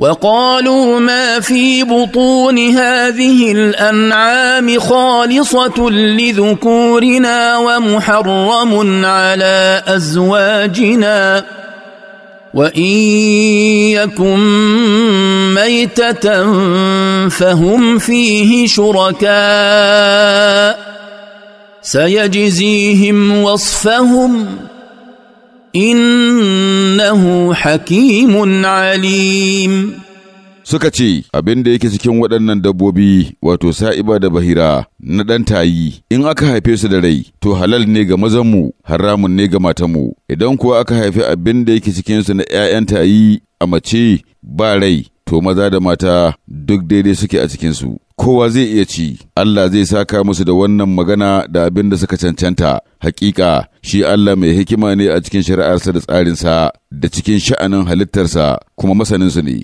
وقالوا ما في بطون هذه الانعام خالصه لذكورنا ومحرم على ازواجنا وان يكن ميته فهم فيه شركاء سيجزيهم وصفهم إن innahu hakimun alim suka ce abin da yake cikin waɗannan dabbobi wato sa'iba da bahira na ɗan tayi in aka haife su da rai to halal ne ga mazanmu haramun ne ga matanmu idan kuwa aka haife abin da yake cikinsu na 'ya'yan tayi a mace ba rai to maza da mata duk daidai suke a cikinsu kowa zai iya ci, Allah zai saka musu da wannan magana da abin da suka cancanta, hakika shi Allah mai hikima ne a cikin shari'arsa da tsarinsa da cikin sha'anin halittarsa kuma masaninsu ne.